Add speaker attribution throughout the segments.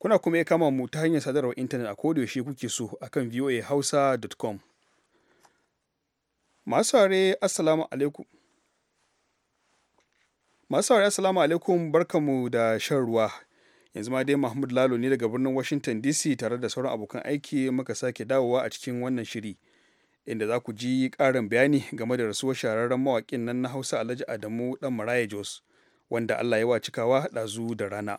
Speaker 1: Kuna kuma iya kama mu ta hanyar sadarwar intanet a yaushe kuke so a kan voahausa.com. Masu saurare Assalamu alaikum. Masu saurare barkamu da shan ruwa. Yanzu ma dai Mahmud Lalo ne daga birnin Washington DC tare da sauran abokan aiki muka sake dawowa a cikin wannan shiri. Inda za ku ji ƙarin bayani game da rasuwar shahararren mawaƙin nan na Hausa Alhaji Adamu Dan Maraya Jos, wanda Allah ya wa cikawa ɗazu da rana.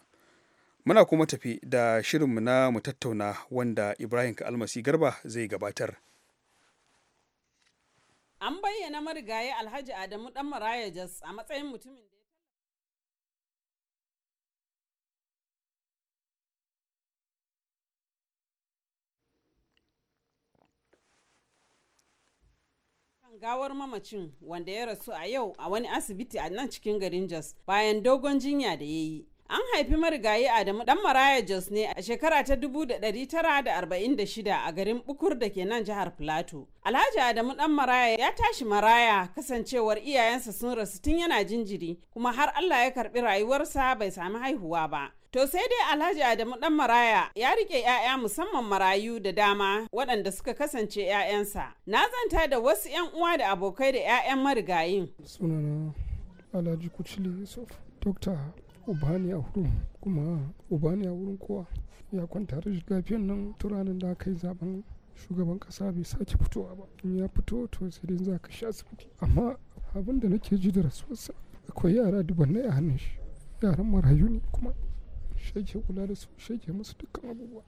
Speaker 1: Muna kuma tafi da shirinmu na mu tattauna wanda Ibrahim Almasi Garba zai gabatar.
Speaker 2: An bayyana marigayi Alhaji Adamu Dan Maraya Jas a matsayin mutumin da gawar mamacin wanda ya rasu a yau a wani asibiti a nan cikin garin Jos bayan dogon jinya da ya yi. An haifi marigayi Adamu Dan Maraya Jos ne a shekara ta 1946 a garin Bukur da ke nan jihar plateau Alhaji Adamu Dan Maraya ya tashi maraya kasancewar iyayensa sun rasu tun yana jinjiri kuma har Allah ya karbi rayuwarsa bai sami haihuwa ba. To sai dai Alhaji Adamu Dan Maraya ya rike 'ya'ya musamman marayu da dama waɗanda suka kasance 'ya'yansa. Na zanta da wasu 'yan uwa da abokai da 'ya'yan marigayin.
Speaker 3: uba ne a wurin kuma uba a wurin kowa ya kwanta rashin fiyan nan turanin da aka yi zaben shugaban kasa bai sake fitowa ba in ya fito to sai dai za ka sha asibiti amma abin da nake ji da rasuwarsa akwai yara dubannai a hannun shi yaran marayu ne kuma shake kula da su shake musu dukkan abubuwa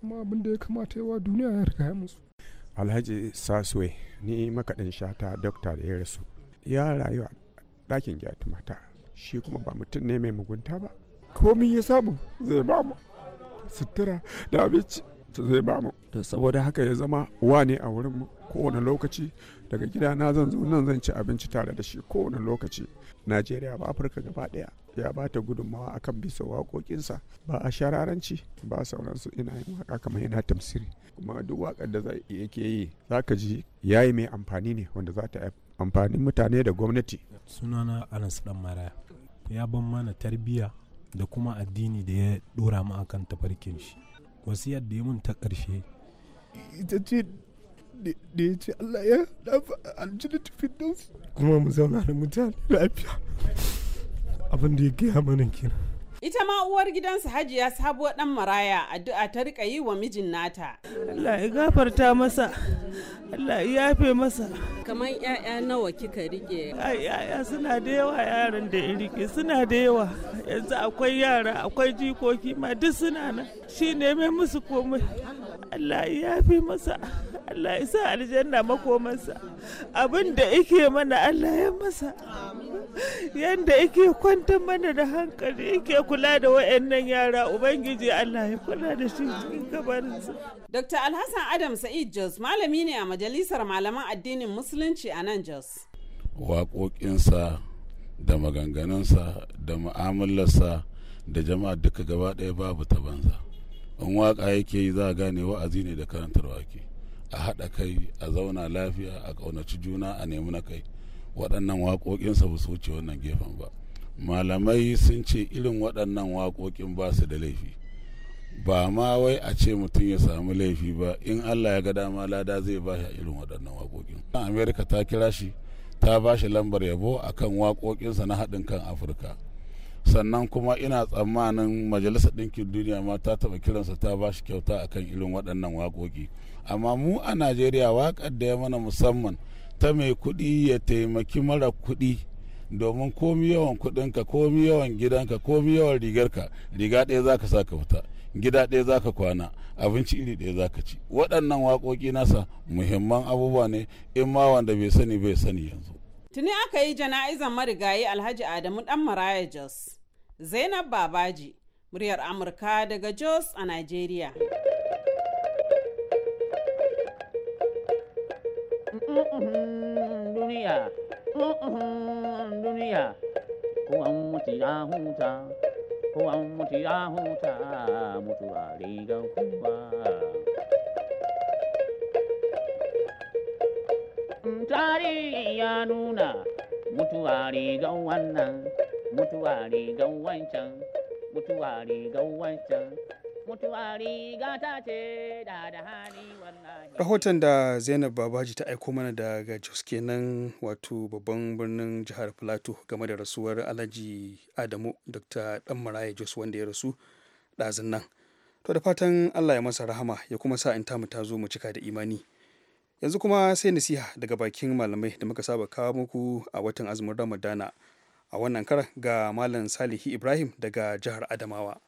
Speaker 3: kuma abin da ya kamata yawa duniya ya riga
Speaker 4: ya musu alhaji sasuwe ni makaɗin shata dokta da ya rasu ya rayu a ɗakin gyatumata shi kuma ba mutum ne mai mugunta ba komi ya samu zai ba mu sutura da abinci zai ba mu saboda haka ya zama wane ne a wurin mu kowane lokaci daga gida na zan zo nan zan ci abinci tare da shi kowane lokaci najeriya ba afirka gaba daya ya ba ta gudunmawa akan bisa waƙoƙinsa ba a shararanci ba sauransu ina yin waka kamar yana tamsiri kuma duk waƙar da yake yi zaka ji yayi mai amfani ne wanda za ta amfanin mutane da gwamnati
Speaker 3: sunana anas dan maraya ya ban mana tarbiyya da kuma addini da ya dora mu akan tafarkin shi Wasu yadda ya mun ta ƙarshe
Speaker 1: ita ce da ya ce Allah ya dafa aljini tufin
Speaker 3: kuma mu zauna da mutane lafiya abin da ya gaya mana kenan
Speaker 2: Ita ma uwar gidansa Hajiya Sabuwa ɗan Maraya addu'a ta rika yi wa mijin nata. Allah ya gafarta masa. Allah ya yafe masa. Kamar ‘ya'ya nawa kika rike? ‘Ya'ya suna da yawa yaran da in rike suna da yawa. Yanzu akwai yara akwai jikoki ma duk suna nan. Shi ne mai musu komai.
Speaker 5: Allah ya
Speaker 2: yafe masa. Allah ya sa aljanna makomansa. Abin da ike mana Allah ya masa. Yanda ike kwantar mana da hankali ike kula da wayannan yara ubangiji Allah ya kula da shi cikin kabarinsa Dr. Alhassan Adam Sa'id Jos malami ne a majalisar malaman addinin musulunci a nan Jos
Speaker 6: waƙoƙinsa da maganganunsa da mu'amalarsa da jama'a duka gaba ɗaya babu ta banza in waƙa yake yi za a gane wa'azi ne da karantarwa ke a haɗa kai a zauna lafiya a ƙaunaci juna a nemi na kai waɗannan waƙoƙinsa ba su wuce wannan gefen ba malamai sun ce irin waɗannan waƙoƙin ba su da laifi ba ma wai a ce mutum ya samu laifi ba in allah ya ga dama lada zai ba shi irin waɗannan waƙoƙin amerika ta kira shi ta ba shi lambar yabo a kan waƙoƙinsa na haɗin kan afirka sannan kuma ina tsammanin majalisar ɗinkin duniya ma ta taɓa kiransa ta ba shi kyauta a kan irin waɗannan waƙoƙi amma mu a najeriya waƙar da ya mana musamman ta mai kuɗi ya taimaki mara kuɗi domin komi yawan kudinka komi yawan gidanka komi yawan rigarka riga ɗaya za ka sa ka fita gida ɗaya za ka kwana abinci iri ɗaya za ka ci waɗannan waƙoƙi nasa muhimman abubuwa ne in ma wanda bai sani bai sani yanzu
Speaker 2: tuni aka yi jana'izan marigayi alhaji adamu dan maraya jos zainab babaji muryar amurka daga jos a nigeria duniya duniya ko an mutu ya huta ko mutu aliga huta mutuwa mm, ya nuna mutuwa rigar wannan mutuwa riga ce da da hali wannan.
Speaker 1: rahoton da zainab babaji ta aiko mana daga jos kenan wato babban birnin jihar plateau game da rasuwar alhaji adamu dr dan maraya jos wanda ya rasu ɗazun nan to da fatan allah ya masa rahama ya kuma sa in tamu ta zo mu cika da imani yanzu kuma sai nasiha daga bakin malamai da muka saba kawo muku a watan azumin ramadana a wannan kara ga malam salihi ibrahim daga jihar adamawa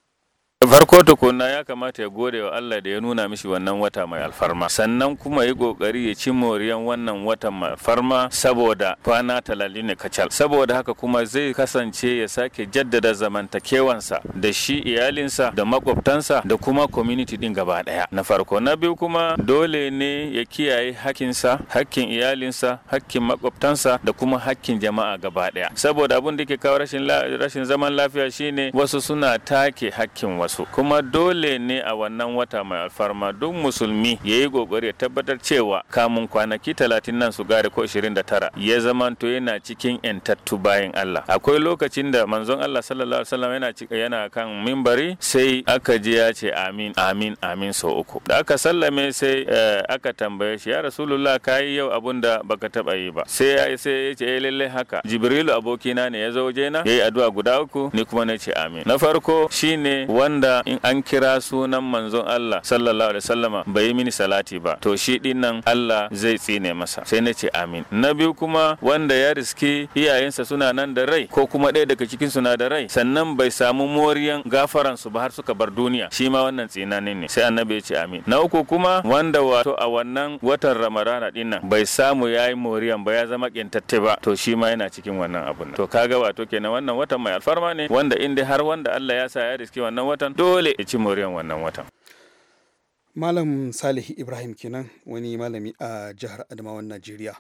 Speaker 7: farko tukuna ya kamata ya gode wa Allah da ya nuna mishi wannan wata mai alfarma sannan kuma yi kokari ya ci moriyan wannan watan mai alfarma saboda kwana talalin ne kacal saboda haka kuma zai kasance ya sake jaddada zamantakewansa da shi iyalinsa da makwabtansa da kuma community din gaba daya na farko na biyu kuma dole ne ya kiyaye hakinsa hakkin iyalinsa hakkin makwabtansa da kuma hakkin jama'a gaba daya saboda abin da ke kawo rashin zaman lafiya shine wasu suna take hakkin wasu su kuma dole ne a wannan wata mai alfarma duk musulmi ya yi kokari ya tabbatar cewa kamun kwanaki talatin nan su gare ko ishirin da tara ya zamanto yana cikin yantattu bayan Allah akwai lokacin da manzon Allah sallallahu alaihi wasallam yana yana kan mimbari sai aka ji ya ce amin amin amin sau uku da aka sallame sai eh, aka tambaye shi ya rasulullah kayi yau abun da baka taba yi ba sai ya sai ya ce eh, lalle haka jibrilu abokina ne ya zo waje na yayi addu'a guda uku ni kuma na ce amin na farko shine wanda yasa in an kira sunan manzon Allah sallallahu alaihi wasallama bai yi mini salati ba to shi dinnan Allah zai tsine masa sai na ce amin na biyu kuma wanda ya riski iyayensa suna nan da rai ko kuma ɗaya daga cikin suna da rai sannan bai samu moriyan gafaran su ba har suka bar duniya shi ma wannan tsina ne sai annabi ya ce amin na uku kuma wanda wato a wannan watan ramadana dinnan bai samu yayi moriyan ba ya zama kintatte ba to shi ma yana cikin wannan abun to kaga wato kenan wannan watan mai alfarma ne wanda inda har wanda Allah ya sa ya riski wannan watan dole ya ci moriyan wannan watan
Speaker 1: malam salihu ibrahim kenan wani malami a jihar adamawan najeriya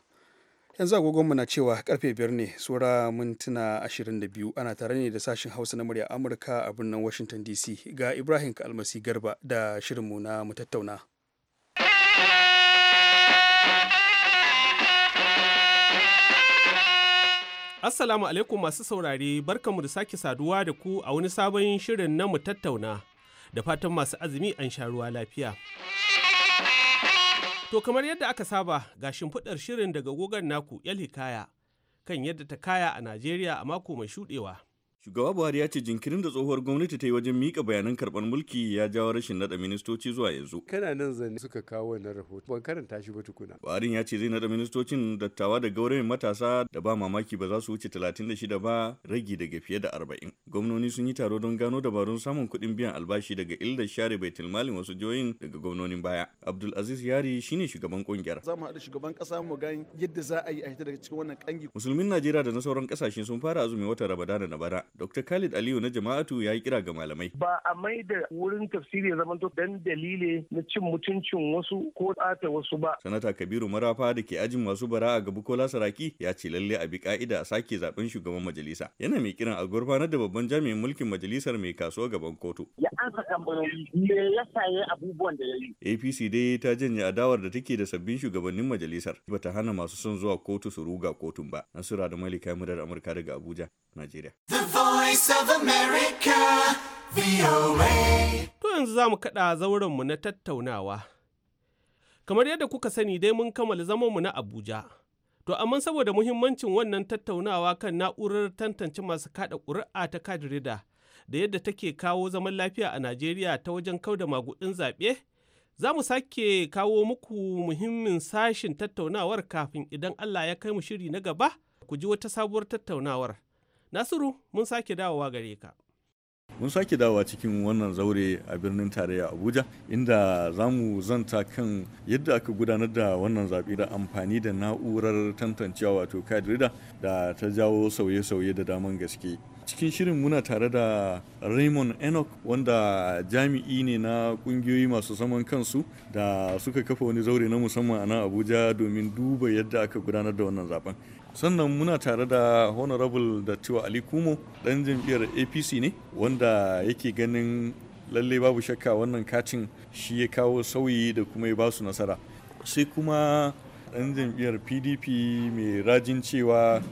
Speaker 1: yanzu agogonmu na cewa karfe biyar ne sura mintuna biyu ana tare ne da sashen hausa na murya amurka a birnin washington dc ga ibrahim kalmasi garba da shirinmu na mu tattauna
Speaker 5: Assalamu alaikum masu saurare mu da sake saduwa da ku a wani sabon shirin na mu tattauna da fatan masu azumi an sha ruwa lafiya. To kamar yadda aka saba ga shimfiɗar shirin daga gogon naku 'yal hikaya kan yadda ta kaya a Najeriya a mako mai shuɗewa.
Speaker 8: Shugaba Buhari ya ce jinkirin da tsohuwar gwamnati ta yi wajen mika bayanan karɓar mulki ya jawo rashin naɗa ministoci zuwa yanzu. Kana nan zane suka kawo wannan rahoto
Speaker 4: ban karanta shi ba tukuna.
Speaker 8: Buhari ya ce zai naɗa ministocin dattawa da gaurayen matasa da ba mamaki ba za su wuce 36 ba ragi daga fiye da 40. Gwamnoni sun yi taro don gano dabarun samun kuɗin biyan albashi daga ildar share baitul malin wasu jihohin daga gwamnonin baya. Abdul Aziz Yari shine shugaban kungiyar.
Speaker 3: Za mu haɗa shugaban ƙasa mu ga yadda za a yi a hita daga cikin wannan kangi.
Speaker 8: Musulmin Najeriya da na sauran ƙasashe sun fara azumin watan Ramadana na bara. Dr. Khalid Aliyu na jama'atu ya yi kira ga malamai.
Speaker 5: Ba a mai da wurin tafsiri ya zamanto dan dalile na cin mutuncin wasu ko ta
Speaker 8: wasu ba. Sanata Kabiru Marafa da ke ajin masu bara'a ga Bukola Saraki ya ce lalle a bi ka'ida a sake zaben shugaban majalisa. Yana mai kiran a gurfanar da babban jami'in mulkin majalisar mai kasuwa gaban kotu.
Speaker 1: Ya ansa tambayoyi me yasa ya abubuwan da ya yi.
Speaker 8: APC dai ta janye adawar da take da sabbin shugabannin majalisar. Ba ta hana masu son zuwa kotu su ruga kotun ba. Nasura da Malika Murar Amurka daga Abuja, Najeriya.
Speaker 9: To
Speaker 5: yanzu za mu kaɗa zaurenmu na tattaunawa. Kamar yadda kuka sani dai mun kammala zamanmu na Abuja. To amma saboda muhimmancin wannan tattaunawa kan na'urar tantance masu kaɗa ƙuri'a ta kadirida da yadda take kawo zaman lafiya a Najeriya ta wajen kauda magudin zaɓe, za mu sake kawo muku muhimmin sashin tattaunawar kafin idan Allah ya kai mu shiri na gaba ku ji wata sabuwar tattaunawar. Nasiru mun sake dawowa gare ka.
Speaker 8: mun sake dawa cikin wannan zaure a birnin tarayya abuja inda za mu zanta kan yadda aka gudanar da wannan zaɓe da amfani da na'urar tantancewa wato kadirida da ta jawo sauye-sauye da daman gaske cikin shirin muna tare da raymond enoch wanda jami'i ne na kungiyoyi masu zaman kansu da suka kafa wani zaure na musamman a nan abuja domin duba yadda aka gudanar da wannan zaben sannan muna tare da honorable da cewa ali kumo dan jam'iyyar apc ne wanda yake ganin lalle babu shakka wannan katin shi ya kawo sauyi da kuma ya basu nasara sai kuma dan jam'iyyar pdp mai rajin cewa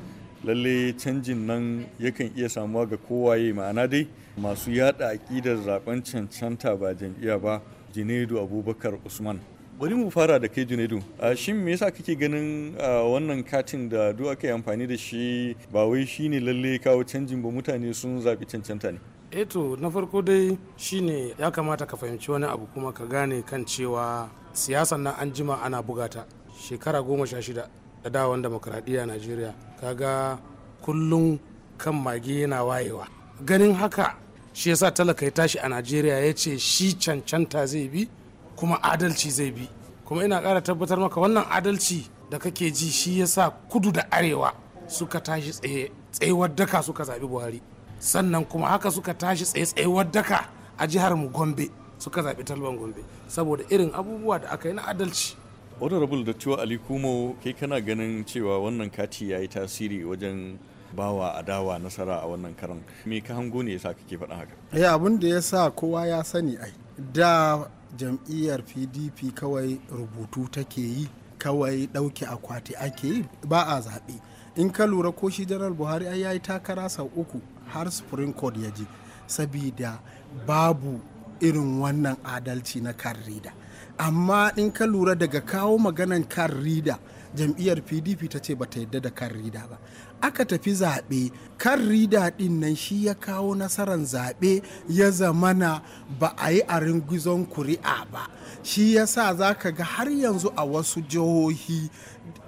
Speaker 8: lalle canjin nan yakan iya samuwa ga kowaye ma'ana dai masu yada aƙidar zaben cancanta ba jam'iyya ba jinedu abubakar usman bari mu fara da kai junaidu a shin me yasa kake ganin wannan katin da duk aka yi amfani da shi ba wai shine lalle kawo canjin ba mutane sun zaɓi cancanta ne
Speaker 4: eto eh na farko dai shine ya kamata ka fahimci wani abu kuma ka gane kan cewa siyasan nan an jima ana bugata shekara goma sha shida da dawon demokradiyya najeriya ga kullum kan mage yana wayewa ganin haka shi yasa talaka ya tashi a najeriya ya ce shi cancanta zai bi kuma adalci zai bi kuma ina ƙara tabbatar maka wannan adalci da kake ji shi yasa kudu da arewa suka tashi tsaye tsayuwar daka suka zaɓi buhari sannan kuma haka suka tashi tsaye tsayuwar daka
Speaker 8: a jihar mu gombe suka zaɓi talban gombe saboda irin abubuwa da aka yi na adalci honorable da cewa ali kumo kai kana ganin cewa wannan kati ya yi tasiri wajen bawa adawa nasara a wannan karan me ka hango ne yasa kake faɗa haka
Speaker 3: eh abin da ya sa kowa ya sani ai da jam'iyyar pdp kawai rubutu take yi kawai ɗauke akwati ake yi ba a zaɓe in ka lura ko shi janar buhari ai ya yi takara sau uku har supreme court ya ji sabida babu irin wannan adalci na kan rida amma in ka lura daga kawo maganan kan rida jam'iyyar pdp ta ce bata yadda da kan rida ba aka tafi zaɓe kan rida ɗin nan shi ya kawo nasarar zaɓe ya zamana ba a yi a ringizon kuri'a ba shi ya sa za ka ga har yanzu a wasu jihohi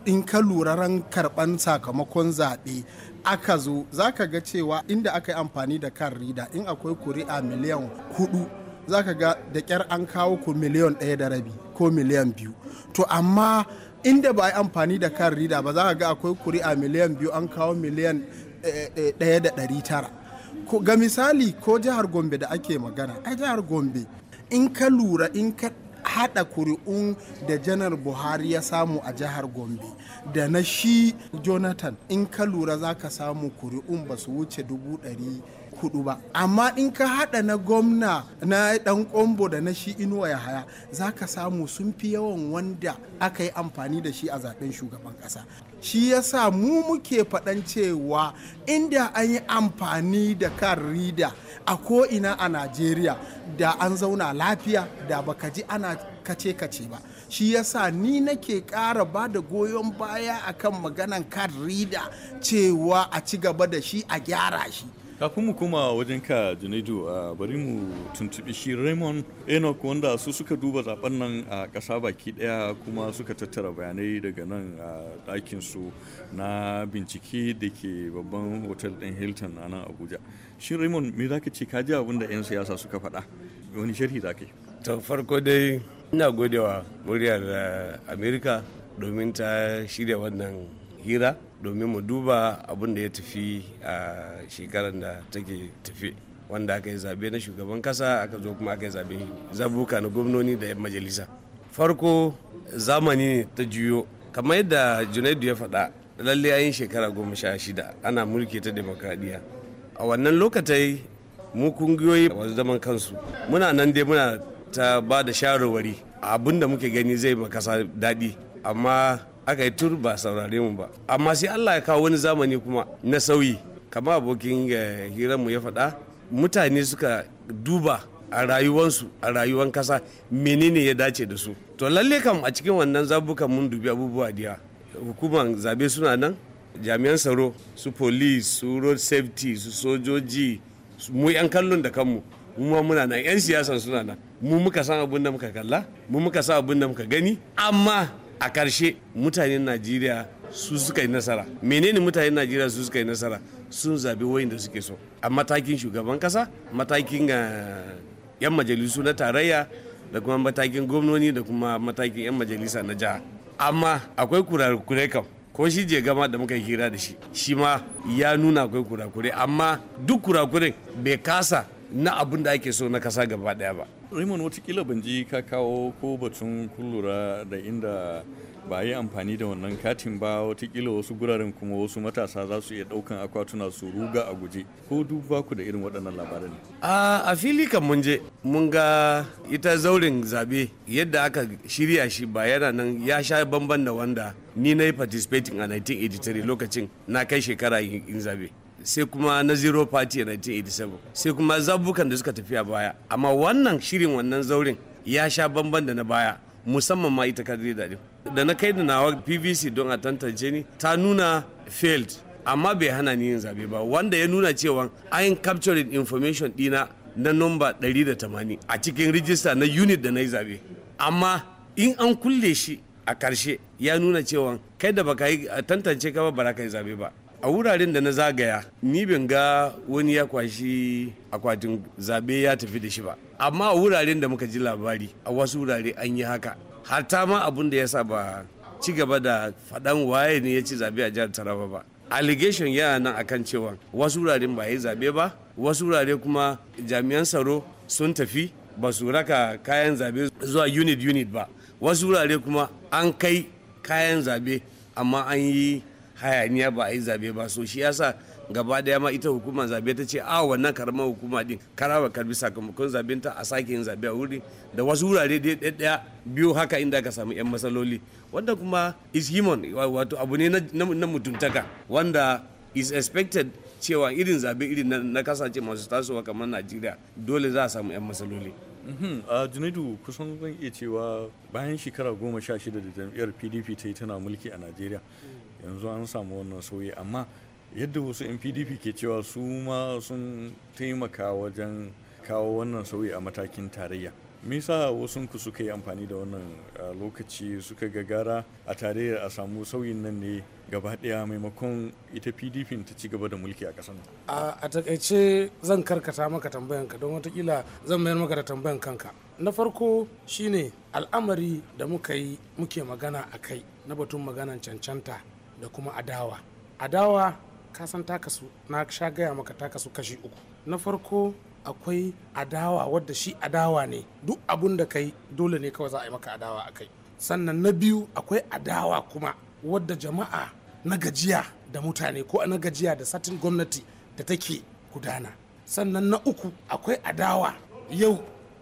Speaker 3: in ka lura ran karɓan sakamakon zaɓe aka zo za ka ga cewa inda aka yi amfani da kan rida in akwai kuri'a miliyan hudu za ka ga da ƙyar an kawo ku miliyan ɗaya da rabi ko miliyan biyu to amma inda ba a yi amfani da kan rida ba za ka ga akwai kuri'a miliyan biyu an kawo miliyan eh, eh, ɗaya da ɗari tara ga misali ko jihar gombe da ake magana a jihar gombe in ka lura in ka haɗa kuri'un da janar buhari ya samu a jihar gombe da na shi jonathan in ka lura za ka samu kuri'un ba su wuce dubu ɗari hudu ba amma in ka hada na gwamna na dan kombo da na shi inuwa ya haya za ka samu sun fi yawan wanda aka yi amfani da shi a zaben shugaban kasa shi ya sa mu muke faɗan cewa inda an yi amfani da kan rida a ko'ina a najeriya da an zauna lafiya da baka ji ana kace-kace ba shi ya sa ni nake ƙara ba da goyon baya akan maganan kan rida cewa a ci gaba da shi a gyara shi
Speaker 8: kafin mu koma wajen ka junaidu a bari mu tuntubi shi raymond enoch wanda su suka duba zaben nan a kasa baki ɗaya kuma suka tattara bayanai daga nan a dakin su na bincike da ke babban hotel din hilton a nan abuja shi raymond me za ka ce ka ji abin da 'yan siyasa suka faɗa wani sharhi za ka yi ta farko dai ina godewa muryar eh,
Speaker 10: amerika domin ta shirya wannan hira domin mu duba abin da ya tafi a shekarar da take tafi wanda aka yi zabe na shugaban kasa aka zo kuma aka yi zabe zabuka na gwamnoni da 'yan majalisa farko zamani ta juyo kamar yadda junaidu ya faɗa lalle an yi shekara goma sha shida ana mulki ta demokradiyya a wannan lokacin mu kungiyoyi wasu zaman kansu muna nan dai muna ta ba da shawarwari abin da muke gani zai ma kasa daɗi amma aka yi tur ba saurare mu ba amma sai allah ya kawo wani zamani kuma na sauyi kama abokin eh, hiranmu ya faɗa mutane suka duba a rayuwansu a rayuwan kasa menene ya dace da su to lalle kam a cikin wannan zabukan mun dubi abubuwa diya hukumar zabe suna nan jami'an tsaro su police su road safety su sojoji mu 'yan kallon da kanmu mu ma muna nan 'yan siyasan suna nan mu muka san abin da muka kalla mu muka san abin da muka gani amma a ƙarshe mutanen najeriya su suka yi nasara menene mutanen najeriya su suka yi nasara sun zabi wayin da suke so a matakin shugaban kasa matakin eh, yan majalisu na tarayya da kuma matakin gwamnoni da kuma matakin yan majalisa na jiha amma akwai kurakurai kam ko shi je gama da muka hira da shi shi ma ya nuna akwai kurakurai amma duk kurakurai bai kasa na abin da ake so na
Speaker 8: kasa gaba daya ba raymond watakila ban ji ka kawo ko batun kullura da inda ba yi amfani da wannan katin ba watakila wasu guraren kuma wasu matasa za su iya daukan akwatuna su ruga a guje ko duk ba da irin waɗannan labaran
Speaker 10: a a fili kan mun je mun ga ita zaurin zabe yadda aka shirya shi ba yana nan ya sha bamban da wanda ni na yi participating a 1983 lokacin na kai shekara yin zabe sai kuma na zero party 1987 sai kuma zabukan da suka tafiya baya amma wannan shirin wannan zaurin ya sha bamban da na baya musamman ma ita kadiri da da na kai da nawa pvc don a tantance ni ta nuna failed amma bai hana ni yin zabe ba wanda ya nuna cewa ayin capturing information dina na nomba 180 a cikin rijista na unit da na yi zabe amma in an kulle shi a karshe ya nuna cewa kai da baka yi tantance ka ba ka yi zabe ba a wuraren da na zagaya ni ban ga wani ya kwashi akwatin zabe ya tafi da shi ba amma a wuraren da muka ji labari a wasu wurare an yi haka hatta ma abun da ya sa ba ci gaba da faɗan waye ne ya ci zabe a jihar taraba ba allegation yana nan akan cewa wasu wuraren ba yi zabe ba wasu wurare kuma jami'an tsaro sun tafi ba su raka kayan zabe zuwa unit unit ba wasu wurare kuma an kai kayan zabe amma an yi hayaniya ba a yi zabe ba so shi yasa gaba daya ma ita hukumar zabe ta ce a wannan karamar hukuma din karawa karbi sakamakon zaben ta a sake yin zabe a wuri da wasu wurare dai daya biyu haka inda ka samu yan matsaloli wanda kuma is human wato abu ne na mutuntaka wanda is expected cewa irin zabe irin na kasance masu tasowa kamar najeriya dole za a samu yan
Speaker 8: matsaloli mm-hmm. a junaidu kusan zan iya cewa bayan shekara goma sha shida da jam'iyyar pdp ta yi tana mulki a najeriya yanzu an samu wannan sauyi amma yadda wasu 'yan pdp ke cewa su ma sun taimaka wajen kawo wannan sauyi a matakin tarayya me yasa wasu ku suka yi amfani da wannan lokaci suka gagara a tarayyar a samu sauyin nan ne gaba daya maimakon ita pdp ta ci gaba da mulki a ƙasar
Speaker 4: a takaice zan karkata maka tambayan ka don watakila zan mayar maka da tambayan kanka na farko shine al'amari da muka yi muke magana a kai na batun maganan cancanta da kuma adawa adawa ka san takasu na sha gaya maka takasu kashi uku na farko akwai adawa wadda shi adawa ne duk abun da kai dole ne kawai za a yi maka adawa a kai sannan na biyu akwai adawa kuma wadda jama'a na gajiya da mutane ko na gajiya da satin gwamnati da take gudana sannan na uku akwai adawa yau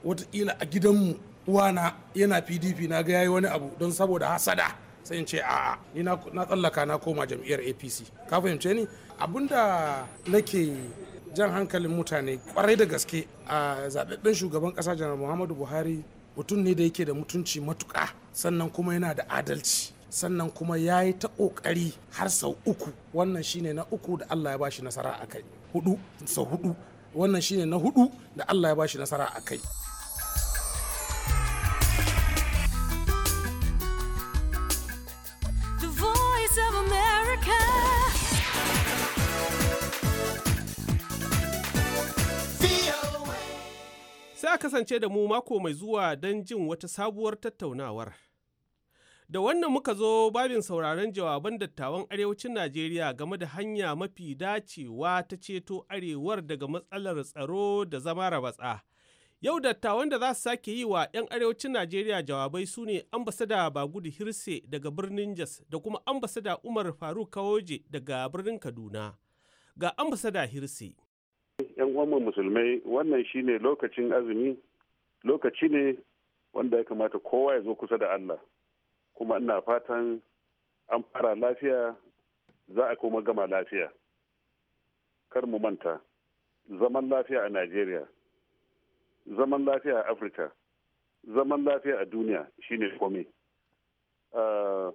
Speaker 4: watakila a gidanmu uwana yana pdp na ga yayi wani abu don saboda hasada sai in ce a'a ni na tsallaka na koma jam'iyyar apc ka fahimce ni abinda nake jan hankalin mutane kwarai da gaske a zaɓaɓɓen shugaban ƙasa janar muhammadu buhari mutum ne da yake da mutunci matuka sannan kuma yana da adalci sannan kuma ya yi ta ƙoƙari har sau uku wannan shine na uku da allah ya bashi nasara a kai hudu sau hudu wannan shine na hudu da allah ya bashi nasara a kai
Speaker 5: kasance da mu mako mai zuwa don jin wata sabuwar tattaunawar. Da wannan muka zo babin sauraron jawaban dattawan arewacin Najeriya game da hanya mafi dacewa ta ceto arewar daga matsalar tsaro da zama rabatsa. Yau dattawan da za su sake yi wa 'yan arewacin Najeriya jawabai su ne ambasada Bagudu Hirse daga birnin Jos da kuma ambasada Umar Faruk Kawoje daga birnin Kaduna. Ga ambasada Hirse.
Speaker 9: 'yan uwanmu musulmai wannan shine lokacin azumi lokaci ne wanda ya kamata kowa ya zo kusa da Allah kuma ina fatan an fara lafiya za a kuma gama lafiya kar mu manta zaman lafiya a Najeriya zaman lafiya a Afirka zaman lafiya a duniya shine komai ah,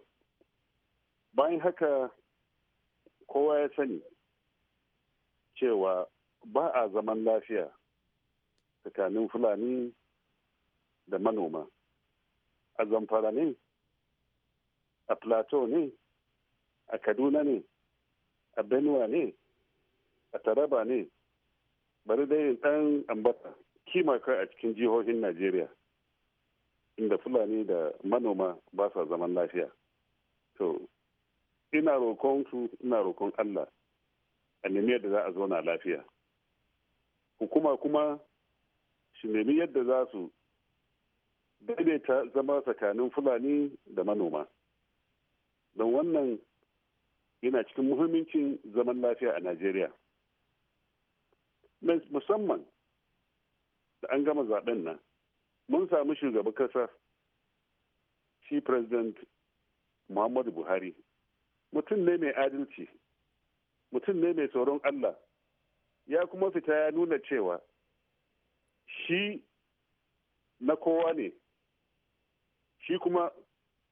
Speaker 9: bayan haka kowa ya sani cewa ba a zaman lafiya tsakanin fulani da manoma a zamfara ne a plateau ne a kaduna ne a benua ne a taraba ne bari dai ɗan ambata kima kai a cikin jihohin najeriya inda fulani da manoma ba sa zaman lafiya to ina roƙon su ina roƙon allah a nemi yadda za a zauna lafiya hukuma kuma su nemi yadda za su daidaita zama tsakanin fulani da manoma don wannan yana cikin muhimmancin zaman lafiya a najeriya musamman da an gama zaben nan mun samu shugaban kasa shi president muhammadu buhari mutum ne mai adalci mutum ne mai tsoron allah ya kuma fita ya nuna cewa shi na kowa ne shi kuma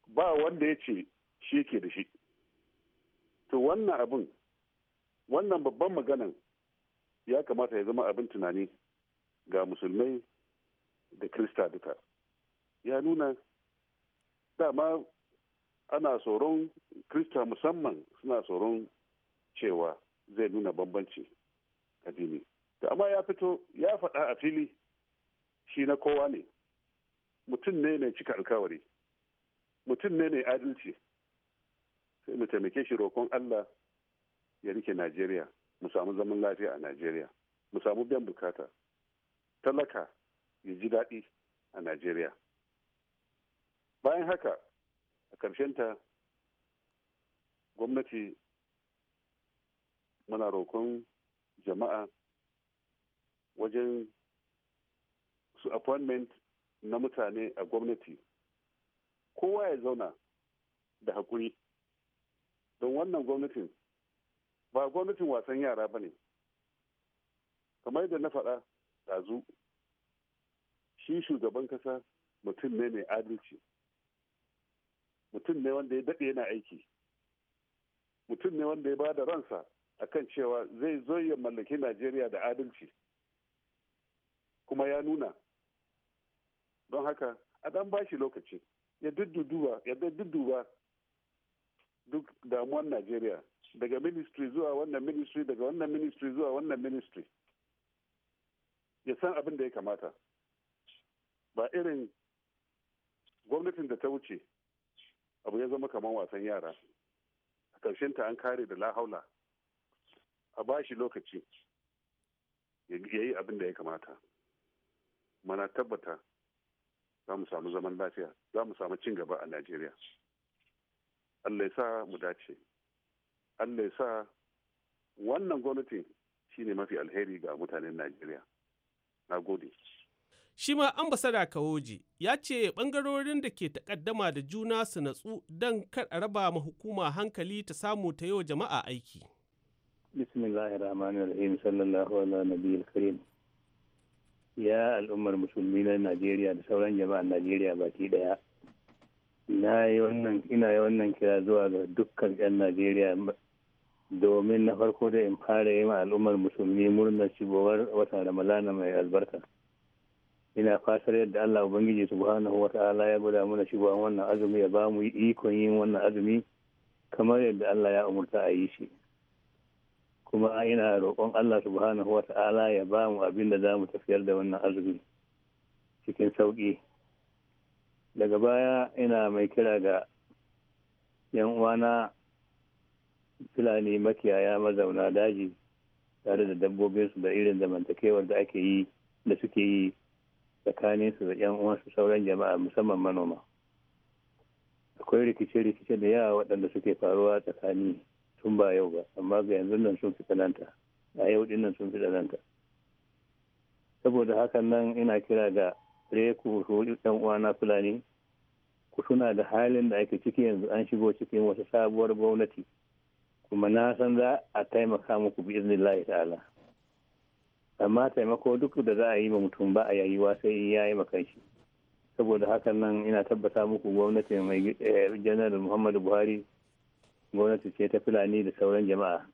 Speaker 9: ba wanda ya ce shi ke da shi to wannan abin wannan babban maganan ya kamata ya zama abin tunani ga musulmai da krista duka ya nuna dama ana tsoron krista musamman suna tsoron cewa zai nuna bambanci kabini to amma ya fito ya faɗa a fili shi na kowa ne mutum ne mai cika alkawari mutum ne mai adalci sai mu taimake shi roƙon allah ya rike najeriya mu samu zaman lafiya a najeriya mu samu biyan bukata talaka ya ji daɗi a najeriya bayan haka a ta gwamnati muna roƙon jama'a wajen su appointment na mutane a gwamnati kowa ya zauna da hakuri don wannan gwamnatin ba gwamnatin wasan yara ba ne kamar da na faɗa ɗazu shi shugaban kasa mutum ne mai adalci mutum ne wanda ya daɗe yana aiki mutum ne wanda ya ba da ransa a kan cewa zai zo ya mallaki najeriya da adalci kuma ya nuna don haka a dan shi lokaci ya dudduba ya dudduba duk damuwan najeriya daga ministry zuwa wannan ministry daga wannan ministry zuwa wannan ministry ya san abin da ya kamata ba irin gwamnatin da ta wuce abu ya zama kamar wasan yara a ta an kare da lahaula a ba shi lokaci ya yi abin da ya kamata mana tabbata za mu samu zaman lafiya za mu samu cin gaba a najeriya allah sa mu dace allah sa wannan gwamnati shine mafi alheri ga mutanen najeriya na gode
Speaker 5: shi ma ambasada kawoji ya ce bangarorin da ke takaddama da juna su natsu don kar a raba ma hukuma hankali ta samu ta yau jama'a aiki
Speaker 11: بسم الله الرحمن الرحيم صلى الله على نبي الكريم ya al'ummar musulmi na najeriya da sauran jama'ar najeriya baki daya wannan ina yi wannan kira zuwa ga dukkan 'yan najeriya domin na farko da in fara yi ma al'ummar musulmi murnar shigowar wata ramalana mai albarka ina fatar yadda allah ubangiji subhanahu wa ta'ala ya gwada mana shigowar wannan azumi ya ba mu ikon yin wannan azumi kamar yadda allah ya umurta a yi shi kuma ina roƙon Allah subhanahu wata'ala ya ba mu abin da za mu tafiyar da wannan azumi cikin sauƙi daga baya ina mai kira ga yan uwana fulani makiyaya mazauna daji tare da dabbobinsu da irin zamantakewar da ake yi da suke yi tsakaninsu da yan uwansu sauran jama'a musamman manoma akwai rikice-rikice da yawa waɗanda suke faruwa tsakani tun ba yau ba amma ga yanzu nan sun fi tsananta a yau din nan sun fi tsananta saboda hakan nan ina kira ga su yan uwa uwana fulani ku suna da halin da ake ciki yanzu an shigo cikin wata sabuwar gwamnati kuma na san za a taimaka muku bi iznillahi ta'ala amma taimako duk da za a yi ma mutum ba a yayiwa sai ya yi makanshi saboda hakan nan ina tabbata muku gwamnati mai janar eh, muhammadu buhari gwamnati ce ta fulani da sauran jama'a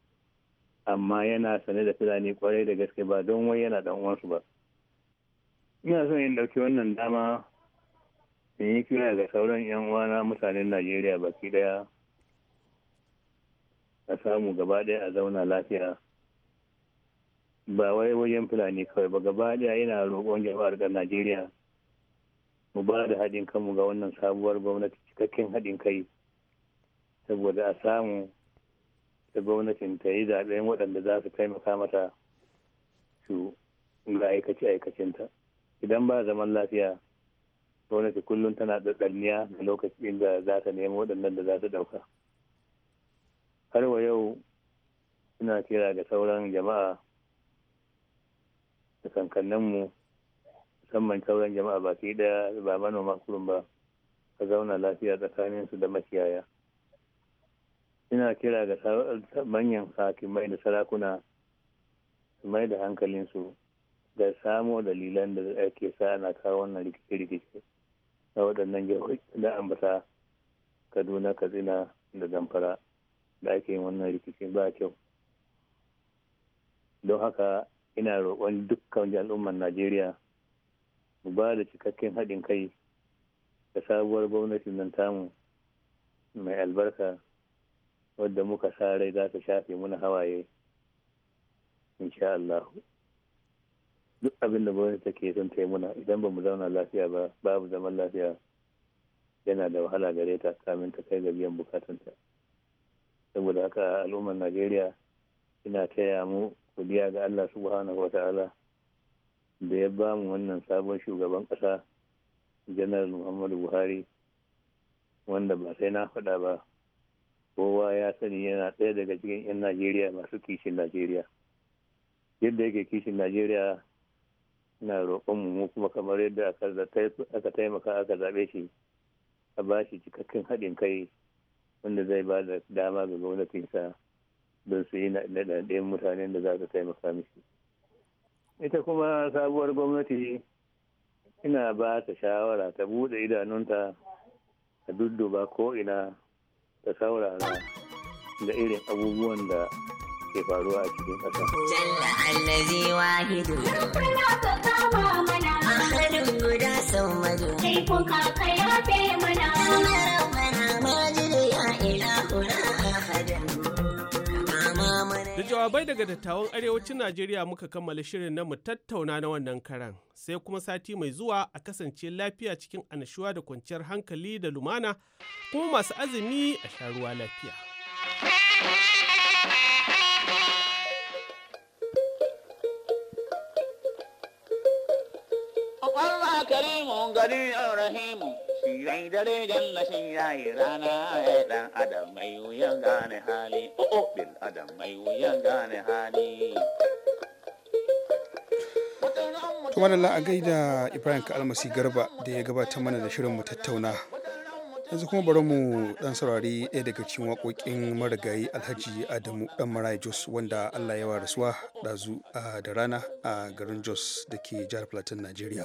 Speaker 11: amma yana sane da fulani kwarai da gaske ba don wai yana dan uwansu ba ina son yin dauki wannan dama in yi kira ga sauran yan uwana mutanen najeriya baki daya a samu gaba daya a zauna lafiya ba wai wajen fulani kawai ba gaba daya yana roƙon jama'ar ga najeriya mu ba da haɗin kanmu ga wannan sabuwar gwamnati cikakken haɗin kai saboda a samu da gwamnatin ta yi zaɓen waɗanda za su taimaka mata su ga aikace-aikacinta idan ba zaman lafiya gwamnati kullum tana ɗanniya da lokaci inda za ta nemi waɗannan da za su ɗauka har wa yau suna kira ga sauran jama'a da kankanninmu musamman sauran jama'a baki ɗaya ba manoma kurum ba ka zauna lafiya tsakaninsu da makiyaya ina kira ga manyan hakimai da sarakuna mai da hankalinsu da samo dalilan da ake sa ana kawo wannan rikice-rikice na waɗannan da ambata kaduna katsina da zamfara da ake yin wannan rikici ba kyau don haka ina roƙon dukkan al'ummar najeriya mu ba da cikakken haɗin kai da sabuwar gwamnatin nan tamu mai albarka wadda muka sa rai za ta shafe muna hawaye insha Allah duk abin da gwamnati take son ta muna idan ba mu zauna lafiya ba babu zaman lafiya yana da wahala gare ta kamin ta kai ga biyan bukatunta saboda haka al'ummar Najeriya ina taya mu godiya ga Allah subhanahu wa ta'ala da ya ba mu wannan sabon shugaban kasa janar Muhammadu Buhari wanda ba sai na faɗa ba kowa ya sani yana ɗaya daga cikin 'yan najeriya masu kishin najeriya yadda yake kishin najeriya na roƙon mu kuma kamar yadda aka taimaka aka zaɓe shi a ba shi cikakken haɗin kai wanda zai ba da dama ga gwamnatinsa don su yi naɗaɗɗen mutanen da za su taimaka mishi ita kuma sabuwar gwamnati ina ba ta shawara ta buɗe idanunta a dudduba ina. ka saurara da irin abubuwan da ke faruwa a cikin ƙasa. Jalla allazi wahidu. Kuna ka kama mana. Ahadun guda sau madu. Sai kuka kayafe mana.
Speaker 5: jawabai daga dattawan arewacin Najeriya muka kammala shirin na mu tattauna na wannan karan sai kuma sati mai zuwa a kasance lafiya cikin anashuwa da kwanciyar hankali da lumana kuma masu azumi a sha ruwa lafiya.
Speaker 10: Allah karimun gari rahimu
Speaker 7: Shirai dare janna shirai rana eh, ɗan dan adam mai wuyan gane hali. Oh, oh adam mai wuyan gane hali.
Speaker 1: Kuma da a gaida Ibrahim Kalmasi Garba da ya gabata mana da shirin mu tattauna. Yanzu kuma bari mu dan saurari ɗaya daga cikin waƙoƙin marigayi Alhaji Adamu dan Marayi Jos wanda Allah ya wa rasuwa ɗazu ah, da rana a garin Jos da ke jihar Plateau, nigeria.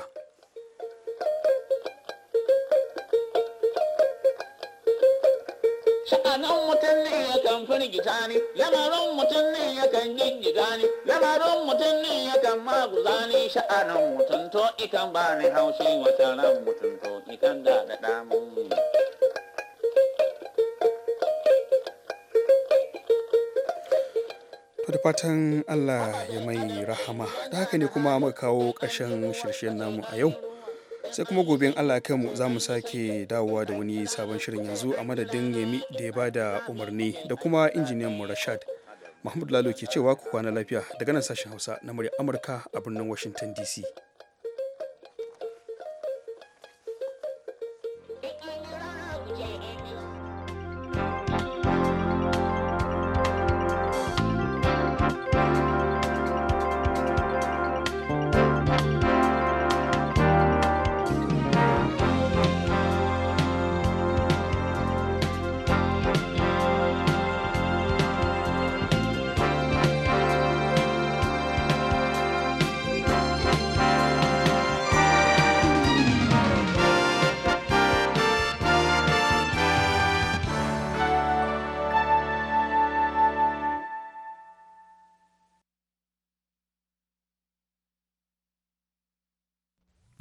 Speaker 7: sha'anin mutum ne ya kan firgita ne lamarin mutum ne ya kan gingiga ne lamarin mutum ne ya kan maguza ne sha'anin mutum to ikan ba ni haushi wata ran mutum to ikan da da damun
Speaker 1: fatan Allah ya mai rahama da haka ne kuma muka kawo ƙarshen shirshen namu a yau sai kuma gobe Allah kai mu za mu sake dawowa da wani sabon shirin yanzu a madadin yami da ya bada umarni da kuma injiniyan mu Rashad Mahmud Lalo ke cewa ku kwana lafiya daga nan sashen Hausa na murya Amurka a birnin Washington DC